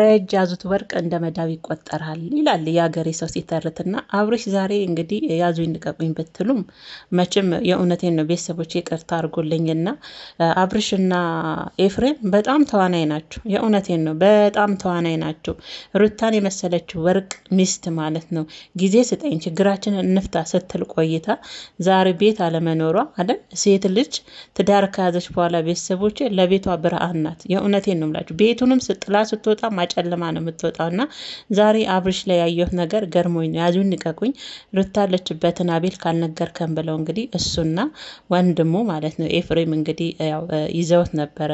በእጅ ያዙት ወርቅ እንደ መዳብ ይቆጠራል ይላል የሀገሬ ሰው ሲተርትና፣ አብርሽ ዛሬ እንግዲህ ያዙኝ ይንቀቁኝ ብትሉም መቼም የእውነቴን ነው ቤተሰቦች ይቅርታ አድርጎልኝና አብርሽና ኤፍሬም በጣም ተዋናይ ናቸው። የእውነቴን ነው በጣም ተዋናይ ናቸው። ሩታን የመሰለች ወርቅ ሚስት ማለት ነው። ጊዜ ስጠኝ ችግራችን እንፍታ ስትል ቆይታ ዛሬ ቤት አለመኖሯ አለ ሴት ልጅ ትዳር ከያዘች በኋላ ቤተሰቦች ለቤቷ ብርሃን ናት። የእውነቴን ነው ምላችሁ ቤቱንም ስጥላ ስትወጣ ጨለማ ነው የምትወጣው። እና ዛሬ አብርሽ ላይ ያየሁት ነገር ገርሞኝ ነው። ያዙን ንቀቁኝ፣ ሩታ አቤል ካልነገርከን ብለው እንግዲህ እሱና ወንድሙ ማለት ነው ኤፍሬም እንግዲህ ያው ይዘውት ነበረ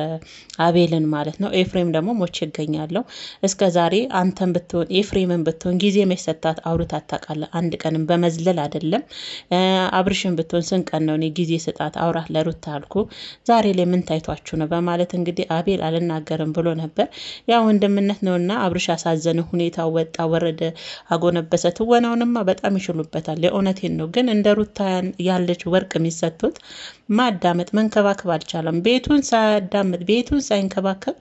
አቤልን ማለት ነው። ኤፍሬም ደግሞ ሞች ይገኛለሁ እስከ ዛሬ አንተን ብትሆን ኤፍሬምን ብትሆን ጊዜ መሰታት አውርታ ታውቃለህ? አንድ ቀንም በመዝለል አይደለም። አብርሽን ብትሆን ስንቀን ነው እኔ ጊዜ ስጣት አውራት ለሩት አልኩ። ዛሬ ላይ ምን ታይቷችሁ ነው? በማለት እንግዲህ አቤል አልናገርም ብሎ ነበር። ያ ወንድምነት ነውና አብርሽ ያሳዘነ ሁኔታ ወጣ ወረደ፣ አጎነበሰ። ትወናውንማ በጣም ይችሉበታል። የእውነቴን ነው። ግን እንደ ሩታ ያለች ወርቅ የሚሰጡት ማዳመጥ መንከባከብ አልቻለም። ቤቱን ሳያዳምጥ ቤቱን ሳይንከባከብ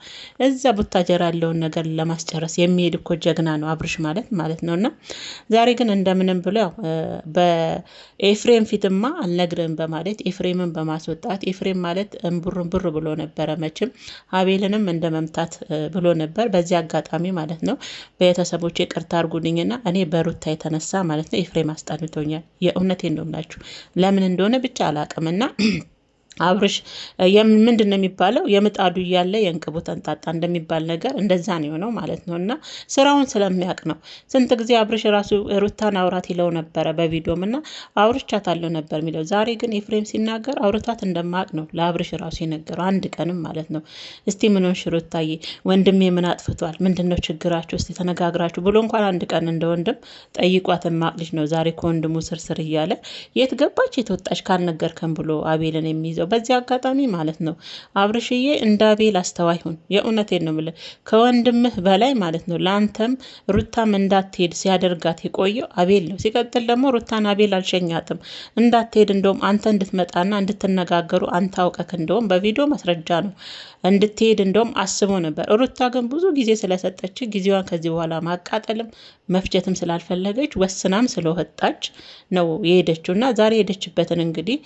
እዛ ቡታጀራ ያለውን ነገር ለማስጨረስ የሚሄድ እኮ ጀግና ነው አብርሽ ማለት ማለት ነው። እና ዛሬ ግን እንደምንም ብሎ ያው በኤፍሬም ፊትማ አልነግርም በማለት ኤፍሬምን በማስወጣት ኤፍሬም ማለት እምቡርንቡር ብሎ ነበረ። መቼም አቤልንም እንደ መምታት ብሎ ነበር በዚያ አጋጣሚ ማለት ነው ቤተሰቦች ይቅርታ አድርጉልኝና እኔ በሩታ የተነሳ ማለት ነው ኤፍሬም አስጠልቶኛል። የእውነቴ ነው የምላችሁ ለምን እንደሆነ ብቻ አላቅምና አብርሽ ምንድን ነው የሚባለው? የምጣዱ እያለ የእንቅቡ ተንጣጣ እንደሚባል ነገር እንደዛ ነው የሆነው ማለት ነው። እና ስራውን ስለሚያውቅ ነው። ስንት ጊዜ አብርሽ ራሱ ሩታን አውራት ይለው ነበረ በቪዲዮም እና አውርቻታለሁ ነበር የሚለው። ዛሬ ግን ኤፍሬም ሲናገር አውርቷት እንደማያውቅ ነው ለአብርሽ ራሱ የነገረው፣ አንድ ቀንም ማለት ነው። እስቲ ምን ሆንሽ ሩታዬ፣ ወንድሜ ምን አጥፍቷል? ምንድን ነው ችግራችሁ? እስቲ ተነጋግራችሁ ብሎ እንኳን አንድ ቀን እንደ ወንድም ጠይቋት የማያውቅ ልጅ ነው። ዛሬ ከወንድሙ ስርስር እያለ የት ገባች የት ወጣች ካልነገርከን ብሎ አቤልን የሚይዘው እላለሁ። በዚህ አጋጣሚ ማለት ነው አብርሽዬ እንደ አቤል አስተዋይ ሁን። የእውነቴን ነው የምልህ ከወንድምህ በላይ ማለት ነው። ለአንተም ሩታም እንዳትሄድ ሲያደርጋት የቆየው አቤል ነው። ሲቀጥል ደግሞ ሩታን አቤል አልሸኛትም እንዳትሄድ እንደውም አንተ እንድትመጣና እንድትነጋገሩ አንተ አውቀክ እንደውም በቪዲዮ ማስረጃ ነው እንድትሄድ እንደውም አስቦ ነበር። ሩታ ግን ብዙ ጊዜ ስለሰጠች ጊዜዋን ከዚህ በኋላ ማቃጠልም መፍጀትም ስላልፈለገች ወስናም ስለወጣች ነው የሄደችው እና ዛሬ የሄደችበትን እንግዲህ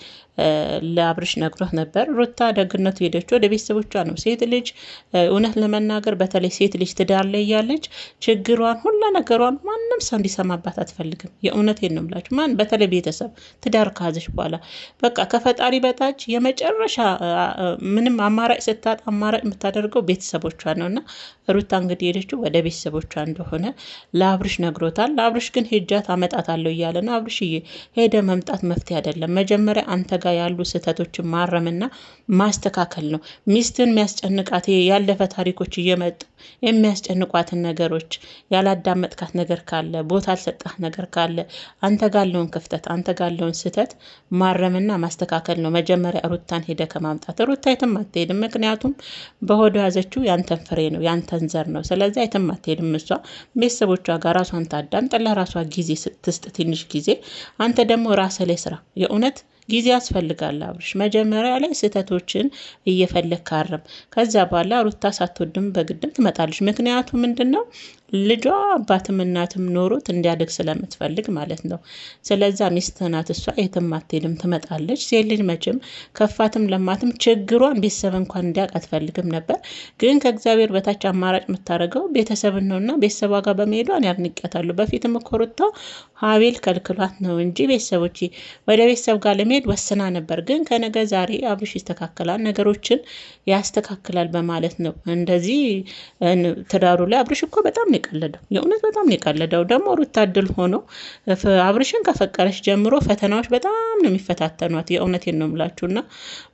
ለአብርሽ ነግሮት ነበር። ሩታ ደግነቱ ሄደች ወደ ቤተሰቦቿ ነው። ሴት ልጅ እውነት ለመናገር በተለይ ሴት ልጅ ትዳር ላይ ያለች ችግሯን ሁላ ነገሯን ማንም ሰው እንዲሰማባት አትፈልግም። የእውነት ነው የምላችሁ። ማን በተለይ ቤተሰብ ትዳር ካዘች በኋላ በቃ ከፈጣሪ በታች የመጨረሻ ምንም አማራጭ ስታጣ አማራጭ የምታደርገው ቤተሰቦቿ ነው እና ሩታ እንግዲህ ሄደችው ወደ ቤተሰቦቿ እንደሆነ ለአብርሽ ነግሮታል። ለአብርሽ ግን ሄጃት አመጣታለሁ እያለ ነው። አብርሽዬ ሄደ መምጣት መፍትሄ አይደለም። መጀመሪያ አንተ ጋር ያሉ ስህተቶችን ማረምና ማስተካከል ነው። ሚስትን የሚያስጨንቃት ያለፈ ታሪኮች እየመጡ የሚያስጨንቋትን ነገሮች ያላዳመጥካት ነገር ካለ ቦታ አልሰጣት ነገር ካለ አንተ ጋለውን ክፍተት አንተ ጋለውን ስህተት ማረምና ማስተካከል ነው። መጀመሪያ ሩታን ሄደ ከማምጣት ሩታ የትም አትሄድም። ምክንያቱም በሆዶ ያዘችው ያንተን ፍሬ ነው ያንተን ዘር ነው። ስለዚህ የትም አትሄድም። እሷ ቤተሰቦቿ ጋር ራሷን ታዳምጥ፣ ለራሷ ጊዜ ስትስጥ ትንሽ ጊዜ አንተ ደግሞ ራስህ ላይ ስራ የእውነት ጊዜ ያስፈልጋል አብርሽ። መጀመሪያ ላይ ስህተቶችን እየፈለግ ካረም ከዛ በኋላ ሩታ ሳትወድም በግድም ትመጣለች። ምክንያቱ ምንድነው? ልጇ አባትም እናትም ኖሮት እንዲያድግ ስለምትፈልግ ማለት ነው። ስለዛ ሚስት ናት እሷ የትም አትሄድም፣ ትመጣለች። ሴት ልጅ መቼም ከፋትም ለማትም ችግሯን ቤተሰብ እንኳን እንዲያውቅ አትፈልግም ነበር። ግን ከእግዚአብሔር በታች አማራጭ የምታደርገው ቤተሰብን ነውና ቤተሰቧ ጋር በመሄዷን ያድንቀታሉ። በፊትም እኮ ሩታ ሀቤል ከልክሏት ነው እንጂ ቤተሰቦች ወደ ቤተሰብ ጋር ለመሄድ ወስና ነበር። ግን ከነገ ዛሬ አብርሽ ይስተካከላል፣ ነገሮችን ያስተካክላል በማለት ነው እንደዚህ ትዳሩ ላይ አብርሽ እኮ በጣም የቀለደው። የእውነት በጣም ነው የቀለደው። ደግሞ ሩታ እድል ሆኖ አብርሽን ከፈቀረች ጀምሮ ፈተናዎች በጣም ነው የሚፈታተኗት። የእውነቴን ነው የምላችሁ እና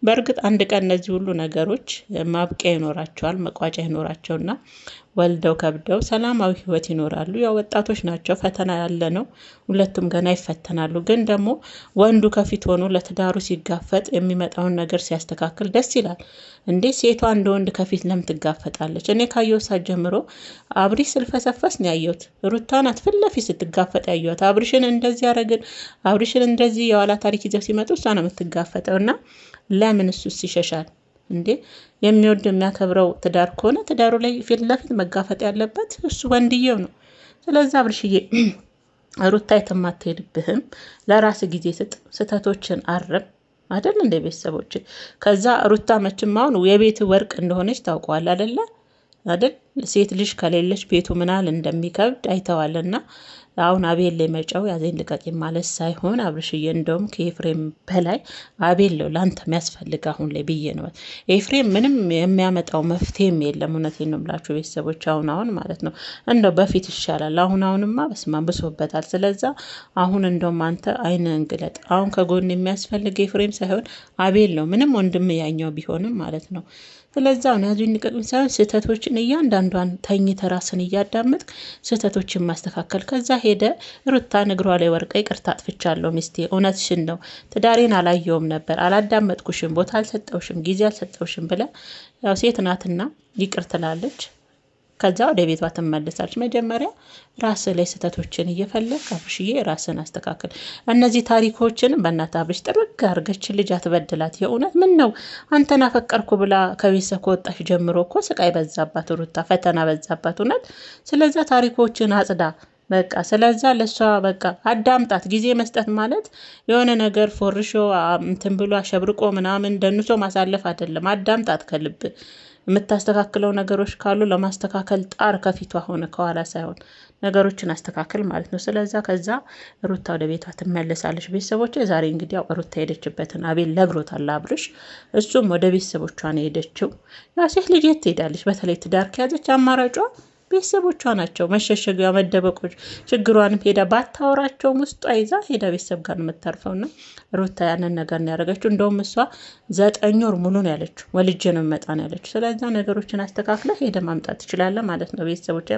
በእርግጥ አንድ ቀን እነዚህ ሁሉ ነገሮች ማብቂያ ይኖራቸዋል፣ መቋጫ ይኖራቸውና ወልደው ከብደው ሰላማዊ ህይወት ይኖራሉ። ያው ወጣቶች ናቸው ፈተና ያለ ነው። ሁለቱም ገና ይፈተናሉ። ግን ደግሞ ወንዱ ከፊት ሆኖ ለትዳሩ ሲጋፈጥ የሚመጣውን ነገር ሲያስተካክል ደስ ይላል። እንዴ ሴቷ እንደ ወንድ ከፊት ለምን ትጋፈጣለች? እኔ ካየው ሰዓት ጀምሮ አብሪ ስልፈሰፈስ ነው ያየሁት። ሩታን ፊት ለፊት ስትጋፈጥ ያየሁት። አብሪሽን እንደዚህ ያረግን አብሪሽን እንደዚህ የኋላ ታሪክ ይዘው ሲመጡ እሷ ነው የምትጋፈጠው። እና ለምን እሱስ ይሸሻል? እንዴ የሚወድ የሚያከብረው ትዳር ከሆነ ትዳሩ ላይ ፊት ለፊት መጋፈጥ ያለበት እሱ ወንድየው ነው። ስለዛ አብርሽዬ ሩታ የትም አትሄድብህም። ለራስ ጊዜ ስጥ፣ ስህተቶችን አርም አደል እንደ ቤተሰቦች። ከዛ ሩታ መችም አሁን የቤት ወርቅ እንደሆነች ታውቀዋል አደለ አደል። ሴት ልጅ ከሌለች ቤቱ ምናል እንደሚከብድ አይተዋልና አሁን አቤል ለመጫው ያዜን ልቀቂ ማለት ሳይሆን አብርሽዬ እንደውም ከኤፍሬም በላይ አቤል ነው ለአንተ የሚያስፈልግ አሁን ላይ ብዬ ነው። ኤፍሬም ምንም የሚያመጣው መፍትሄም የለም። እውነቴን ነው የምላችሁ ቤተሰቦች፣ አሁን አሁን ማለት ነው እንደው በፊት ይሻላል። አሁን አሁንማ በስመ አብ ብሶበታል። ስለዛ አሁን እንደውም አንተ አይንህን እንግለጥ። አሁን ከጎን የሚያስፈልግ ኤፍሬም ሳይሆን አቤል ነው። ምንም ወንድም ያኛው ቢሆንም ማለት ነው ስለዛ ነው ያዙኝ ልቀቁኝ ሳይሆን ስህተቶችን እያንዳንዷን ተኝተ ራስን እያዳመጥክ ስህተቶችን ማስተካከል። ከዛ ሄደ ሩታ እግሯ ላይ ወርቃ ይቅርታ አጥፍቻለሁ ሚስቴ፣ እውነትሽን ነው ትዳሬን አላየውም ነበር፣ አላዳመጥኩሽም፣ ቦታ አልሰጠውሽም፣ ጊዜ አልሰጠውሽም ብለ ያው ሴት ናትና ይቅር ትላለች። ከዛ ወደ ቤቷ ትመለሳለች። መጀመሪያ ራስ ላይ ስህተቶችን እየፈለግ አብርሽዬ ራስን አስተካክል። እነዚህ ታሪኮችን በእናት አብርሽ ጥርግ አርገች ልጅ አትበድላት። የእውነት ምን ነው አንተን አፈቀርኩ ብላ ከቤተሰብ ከወጣሽ ጀምሮ እኮ ስቃይ በዛባት፣ ሩታ ፈተና በዛባት እውነት። ስለዛ ታሪኮችን አጽዳ በቃ ስለዛ ለሷ በቃ አዳምጣት። ጊዜ መስጠት ማለት የሆነ ነገር ፎርሾ እንትን ብሎ አሸብርቆ ምናምን ደንሶ ማሳለፍ አይደለም። አዳምጣት ከልብ የምታስተካክለው ነገሮች ካሉ ለማስተካከል ጣር። ከፊቷ ሆነ ከኋላ ሳይሆን ነገሮችን አስተካክል ማለት ነው። ስለዛ ከዛ ሩታ ወደ ቤቷ ትመለሳለች። ቤተሰቦች ዛሬ እንግዲህ ያው ሩታ ሄደችበትን አቤል ነግሮታል አብርሽ። እሱም ወደ ቤተሰቦቿ ነው የሄደችው። ያው ሴት ልጅ ትሄዳለች፣ በተለይ ትዳር ከያዘች አማራጯ ቤተሰቦቿ ናቸው መሸሸጊያ መደበቆች ችግሯን ሄዳ ባታወራቸውም ውስጧ ይዛ ሄዳ ቤተሰብ ጋር የምታርፈው ና ሩታ ያንን ነገር ነው ያደረገችው። እንደውም እሷ ዘጠኝ ወር ሙሉ ነው ያለችው፣ ወልጄ ነው የምመጣ ነው ያለችው። ስለዚ ነገሮችን አስተካክለ ሄደ ማምጣት ትችላለ ማለት ነው ቤተሰቦች